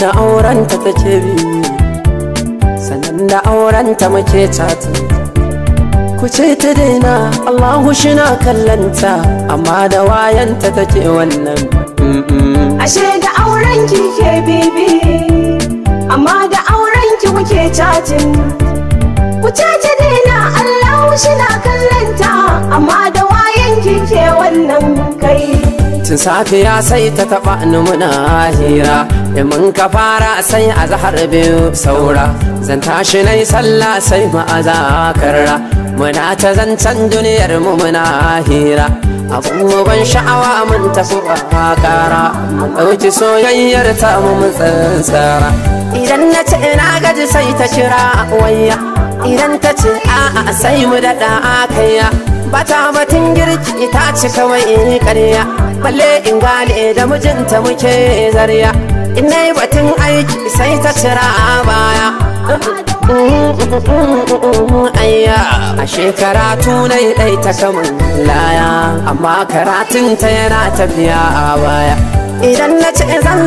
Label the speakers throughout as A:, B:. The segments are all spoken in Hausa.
A: da aurenta take bi sanan da aurenta muke tatu ku ce ta daina
B: Allahu shi na kallanta amma
A: da wayanta take wannan
B: ashe da auren ki ke bibi amma da aurenki ki muke chatin ku ce ta daina Allahu shi na kallanta amma da
A: tun safiya sai ta taɓa ni muna hira da mun ka fara sai a zahar biyu saura zan tashi nai sallah sai mu a zakarra muna ta zancen duniyar mu muna hira abun mu ban sha'awa mun tafi ba kara mun ɗauki soyayyar ta mu mun tsantsara idan na ce na gaji sai ta kira wayya idan ta ce a'a sai mu daɗa kaiya bata matin girki ta cika mai ƙarya balle in gane da mijinta muke zarya in yi batun aiki sai ta cira a baya aya a shekara tunai ɗai ta kamun laya amma karatun ta yana tafiya a baya idan na ce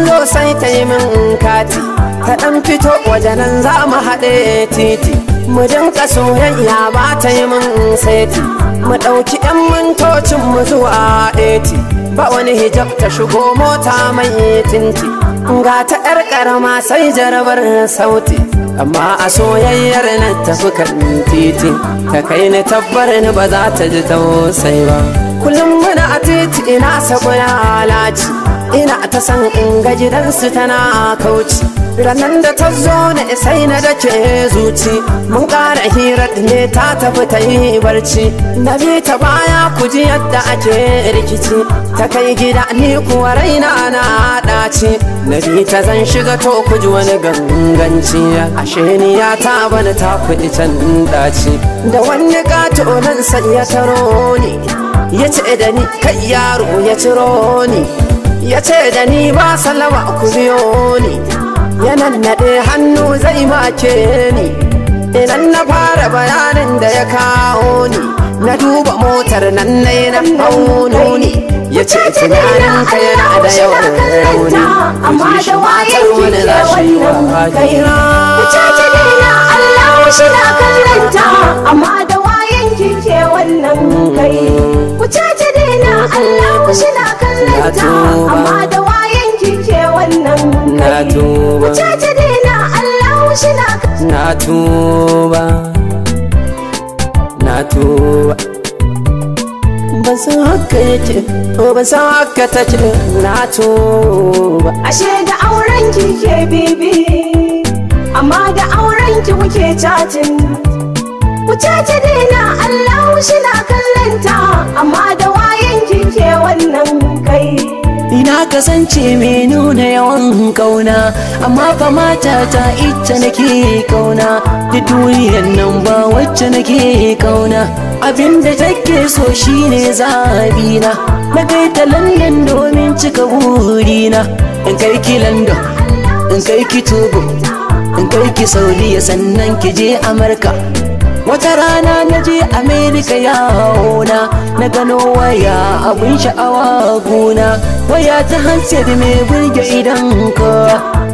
A: zo sai ta yi min kati ta ɗan fito wajenan za mu haɗe titi mu dinka soyayya ba ta yi min seti mu ɗauki 'yan mintocin mu zuwa eti ba wani hijab ta shigo mota mai tinti ga ta 'yar ƙarama sai jarabar sauti amma a soyayyar na tafi kan titi ta kai ni tabbar ni ba za ta ji tausai ba kullum muna a titi ina sabuna alaji ina ta san in ga gidansu tana kauci ranar da ta zo na isai na da zuci mun ƙara hira ne ta tafi ta yi barci na bi ta baya ku ji yadda ake rikici ta kai gida ni kuwa raina na ɗaci na bi ta zan shiga to ku ji wani ganganci ashe ni ya ta bani ta kuɗi can ɗaci da wani ƙato nan sanya taro ne ya ce da ni kai yaro ya ciro ni ya ce da ni ba salawa ku biyo ni ya nannade hannu zai make ni idan na fara bayanin da ya kawo ni na duba motar nan na yi na fauno ni ya ce tunanin ka yana da yawan
C: rauni amma da watar wani zashi wa kaira Ya ce ta Allah shi na kallanta
B: amma da kai ku cace na Allah ku na kallanta amma da wayan kike wannan
C: kai ku cace
B: na Allah ku shina
C: na tuba na tuba
A: ban san haka yake ko ban san haka ta take na
B: tuba ashe da auren kike bibi amma da auren ki kuke cacin ku cace dina Allah ku na kasance mai nuna yawan kauna amma fa mata ta ita nake
C: kauna da duniyar nan ba wacce nake kauna da take so shine zabi na kai ta london domin cika burina in kai ki london in kai ki togo in kai ki saudiya sannan ki je amurka wata rana na je amerika yawona na gano waya abun sha'awa gona waya ta hansiyar mai burge idan ka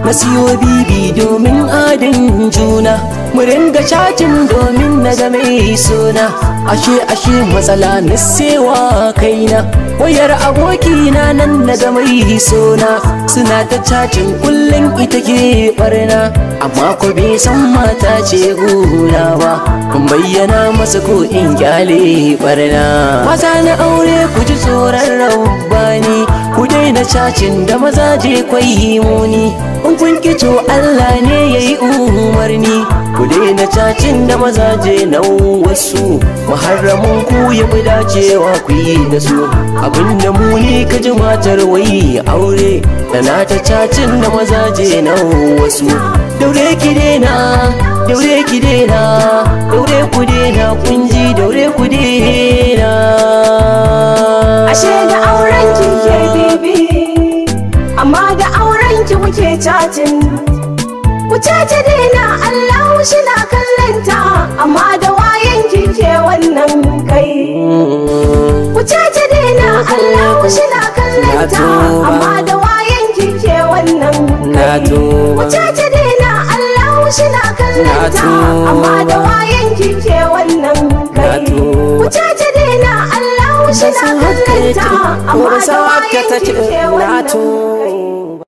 C: na bibi domin adin juna mu ringa cajin domin na ga mai suna ashe ashe matsala na sewa kaina wayar aboki na nan na da mai sona suna ta cacin kullum ita ke barna amma ko bai san mata ce gona ba kun bayyana masa ko in kyale barna maza na aure ku ji tsoron rau daina cacin da maza je kwai muni in kun kito Allah ne yayi umarni ku daina cacin da maza je na wasu muharramin ku ya fi dacewa ku yi da su abinda muni ka ji matar wai aure da na ta cacin da maza je na wasu daure ki daina daure ki daina daure ku daina kun ji daure ku daina
B: cacin ku caci dina allahu shi na kallanta amma da wayan kike wannan kai ku caci dina Allah shi na kallanta amma da wayan kike wannan
C: kai ku caci
B: dina Allah shi na kallanta amma da wayan kike wannan kai ku caci dina Allah shi na kallanta amma da wayan kike wannan kai